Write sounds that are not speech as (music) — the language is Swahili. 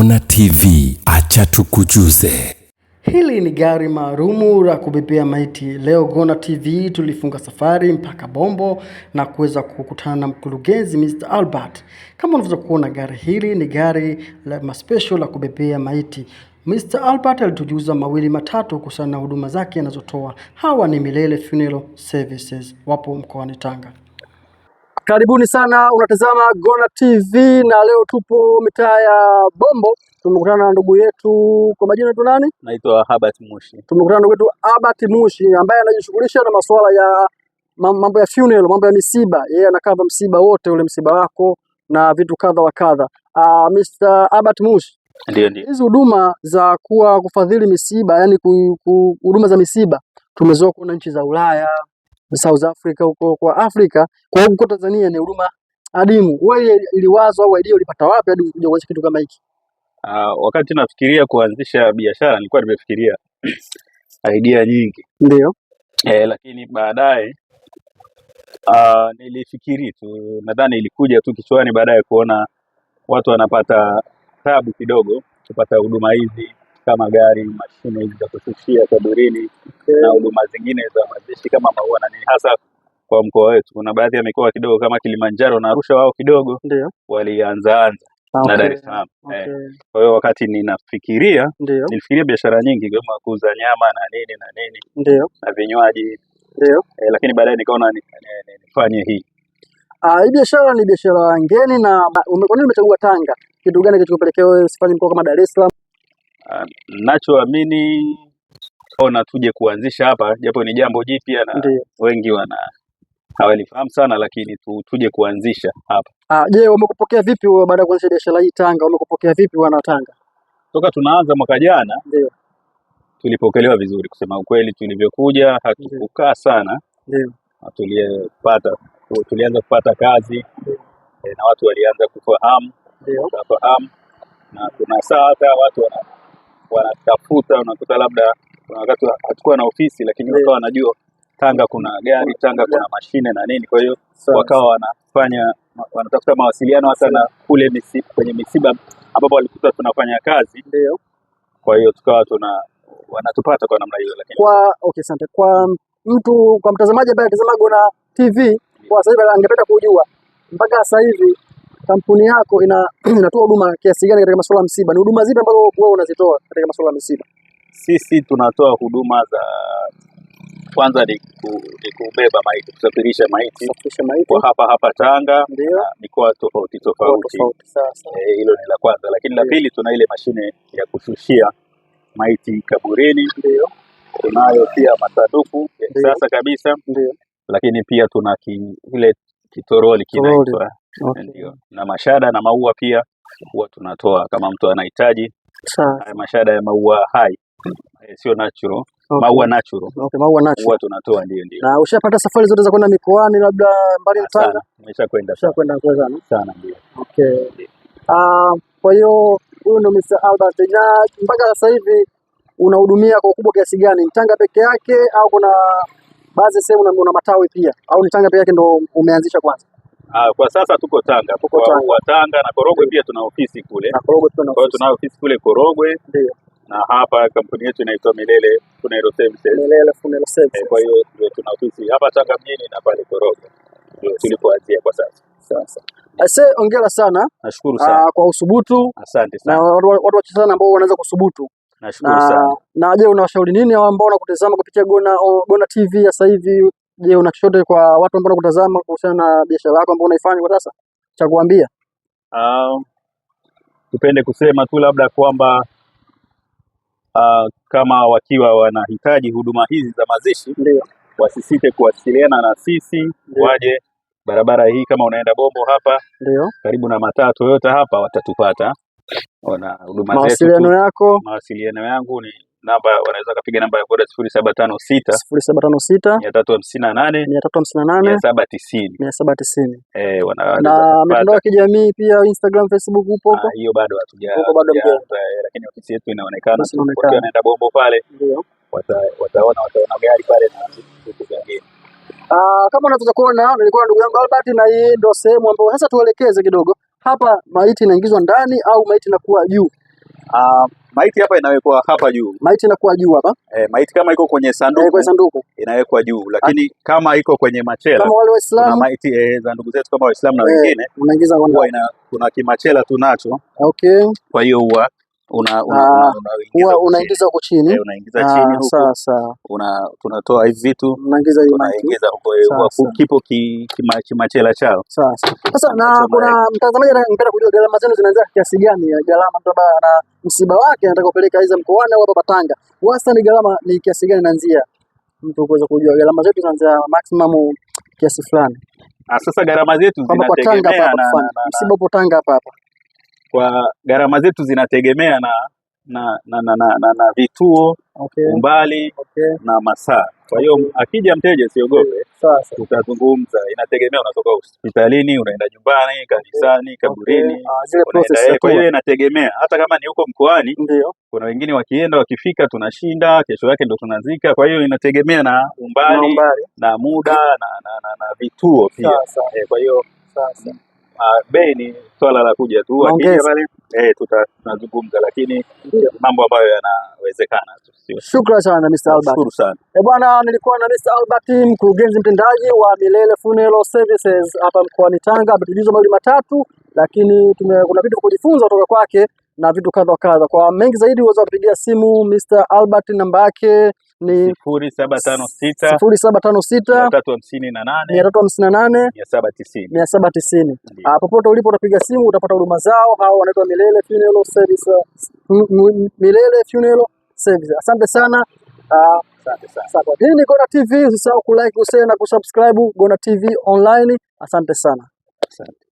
Ona TV, acha tukujuze. Hili ni gari maalumu la kubebea maiti. Leo Gona TV tulifunga safari mpaka Bombo na kuweza kukutana na mkurugenzi Mr. Albert. Kama unavyoweza kuona, gari hili ni gari la maspesho la kubebea maiti. Mr. Albert alitujuza mawili matatu kuhusiana na huduma zake anazotoa. Hawa ni Milele Funeral Services, wapo mkoani Tanga. Karibuni sana, unatazama Gonna TV na leo tupo mitaa ya Bombo. Tumekutana na ndugu yetu, kwa majina tu nani? Naitwa Habat Mushi. Tumekutana na ndugu yetu Habat Mushi ambaye anajishughulisha na masuala ya mambo ya funeral, mambo ya misiba. Yeye anakava msiba wote ule, msiba wako na vitu kadha wa kadha. Uh, ah, Mr. Habat Mushi, ndio ndio, hizi huduma za kuwa kufadhili misiba, yani huduma za misiba tumezoea kuona nchi za Ulaya South Africa huko kwa Afrika, kwa huko Tanzania ni huduma adimu. Wewe iliwazo au idea ulipata wapi hadi kuja kuanzisha kitu kama hiki? Uh, wakati nafikiria kuanzisha biashara nilikuwa nimefikiria (clears throat) idea nyingi ndio, eh, lakini baadaye uh, nilifikiri tu, nadhani ilikuja tu kichwani, baadaye kuona watu wanapata tabu kidogo kupata huduma hizi kama gari, mashine hizi za kushushia kaburini okay, eh. na huduma zingine za mazishi kama maua na nini, hasa kwa mkoa wetu. Kuna baadhi ya mikoa kidogo kama Kilimanjaro na Arusha, wao kidogo walianzaanza okay, na Dar es Salaam eh. okay. Eh, kwa hiyo wakati ninafikiria Ndiyo. nilifikiria biashara nyingi kama kuuza nyama na nini na nini Ndiyo. na vinywaji Eh, lakini baadaye nikaona nifanye hii ah, hii biashara ni biashara ngeni. Na kwa nini umechagua Tanga? Kitu gani kilichokupelekea wewe usifanye mkoa kama Dar es Salaam? Ah, Nachoamini ona tuje kuanzisha hapa, japo ni jambo jipya na Ndiyo. wengi wana hawalifahamu sana, lakini tu, tuje kuanzisha hapa. Ah, je, wamekupokea vipi baada ya kuanzisha biashara hii Tanga? Wamekupokea vipi wana Tanga? Toka tunaanza mwaka jana Ndiyo. tulipokelewa vizuri kusema ukweli, tulivyokuja hatukukaa sana Ndiyo. tulipata tulianza kupata kazi e, na watu walianza kufahamu kufahamu na kuna saa hata watu wana wanatafuta, unakuta labda wakati hatukuwa na ofisi, lakini wakawa wanajua Tanga kuna gari, Tanga kuna mashine na nini, kwa hiyo wakawa wanafanya wanatafuta mawasiliano hasa na kule misi, kwenye misiba ambapo walikuta tunafanya kazi. Ndio, kwa hiyo tukawa tuna wanatupata kwa namna hiyo. Lakini kwa okay, asante kwa mtu, kwa mtazamaji ambaye anatazama na TV kwa sasa hivi angependa kujua mpaka sasa hivi kampuni yako ina (clears throat) inatoa huduma kiasi gani katika masuala ya msiba? Ni huduma zipi ambazo wewe unazitoa katika masuala ya misiba? Sisi tunatoa huduma za kwanza ni kubeba maiti, kusafirisha maiti kwa hapa hapa Tanga na mikoa tofauti tofauti. Eh, hilo e, ni la kwanza, lakini la pili tuna ile mashine ya kushushia maiti kaburini. Ndio. Tunayo pia masanduku ya kisasa kabisa. Ndio. Lakini pia tuna ki, ile kitoroli kinaitwa okay. na mashada na maua pia huwa tunatoa kama mtu anahitaji mashada ya maua hai eh, sio natural okay. maua natural okay, maua natural huwa tunatoa ndio ndio. Na ushapata safari zote za kwenda mikoani labda mbali mtana? Nimeshakwenda sana. Sana ndio. Okay. Ah, kwa hiyo huyu ndo Mr. Albert na mpaka sasa hivi unahudumia kwa ukubwa kiasi gani? Tanga peke yake au kuna baadhi sehemu una matawi pia au ni Tanga peke yake ndo umeanzisha kwanza? Ah, kwa sasa tuko Tanga, tuko kwa Tanga, Tanga na Korogwe pia tuna ofisi kule. Na Korogwe tuna ofisi. Kwa tuna ofisi kule Korogwe. Ndio. Na hapa kampuni yetu inaitwa Milele Funeral Services. Milele Funeral eh, Services. kwa hiyo ndio tuna ofisi hapa Tanga mjini na pale Korogwe. Ndio tulipoanzia kwa sasa. Sasa. Ase, eh, ongera sana. Nashukuru sana. Aa, ah, kwa usubutu. Asante sana. Na watu wachache sana ambao wanaweza kusubutu. Nashukuru sana. Na je, unawashauri nini hao ambao wanakutazama kupitia Gona Gona TV sasa hivi Je, una chochote kwa watu ambao wanakutazama kuhusiana na biashara yako ambayo unaifanya kwa sasa cha kuambia? Uh, tupende kusema tu labda kwamba uh, kama wakiwa wanahitaji huduma hizi za mazishi ndio wasisite kuwasiliana na sisi, waje barabara hii, kama unaenda Bombo hapa ndio karibu na matatu yote hapa, watatupata. Ona huduma zetu. Mawasiliano yako? Mawasiliano yangu ni namba wanaweza kupiga namba ya boda 0756 0756 358 358 790 790. Eh, wana na mitandao ya kijamii pia Instagram, Facebook upo huko? Ah, hiyo bado hatuja huko bado eh, lakini ofisi yetu inaonekana, kwa watu naenda bombo pale, ndio wataona wataona gari pale na vitu vingine. Ah, kama unaweza kuona nilikuwa na ndugu yangu Albert, na hii ndio sehemu ambayo sasa tuelekeze kidogo hapa. Maiti inaingizwa ndani au maiti inakuwa juu? Uh, maiti hapa inawekwa hapa juu. Maiti inakuwa juu hapa? Eh, maiti kama iko kwenye sanduku. Kwenye sanduku. Inawekwa juu, lakini At, kama iko kwenye machela. Kama wale Waislamu. Kuna maiti eh, za ndugu zetu kama Waislamu na eh, wengine. Unaingiza kuna kimachela tunacho. Okay. Kwa hiyo huwa una, una, una, ah, una, unaingiza huko chini unaingiza chini eh, ah, huko sasa, una tunatoa hivi vitu unaingiza hivi unaingiza huko, kipo kimachela chao. Sasa sasa, na kuna mtazamaji anataka kujua gharama zenu zinaanza kiasi gani ya gharama, mtu ambaye ana msiba wake anataka kupeleka hizo mkoani au hapa Tanga, wastani gharama ni kiasi gani inaanzia, mtu kuweza kujua gharama zetu zinaanza maximum kiasi fulani. Ah, sasa gharama zetu zinategemea na msiba upo Tanga hapa hapa kwa gharama zetu zinategemea na na na, na, na, na, na vituo okay, umbali okay, na masaa. Kwa hiyo okay, akija mteja siogope, okay, eh, tutazungumza. Inategemea unatoka hospitalini unaenda nyumbani, kanisani, kaburini, ah, kwa hiyo inategemea. Hata kama ni huko mkoani, kuna wengine wakienda wakifika tunashinda, kesho yake ndo tunazika. Kwa hiyo inategemea na umbali na, umbali, na muda na, na, na, na vituo pia. Eh, kwa hiyo sasa Ah, bei ni swala la kuja tu, eh, tutazungumza, lakini mambo ambayo yanawezekana. Shukrani sana Mr. Albert. Shukrani sana. Eh, bwana nilikuwa na Mr. Albert mkurugenzi mtendaji wa Milele Funeral Services hapa mkoani Tanga, ametujuzwa mawili matatu, lakini kuna vitu kujifunza kutoka kwake na vitu kadha kadha. Kwa mengi zaidi, uweza kupigia simu Mr. Albert, namba yake ni nane mia saba tisini ah, Popote ulipo utapiga simu utapata huduma zao. Hao wanaitwa Milele Funeral Service, Milele Funeral Service. Asante sana. Ah, asante sana. Hii ni Gonna TV, usisahau kulike, kushare na kusubscribe Gonna TV online. Asante sana. Asante.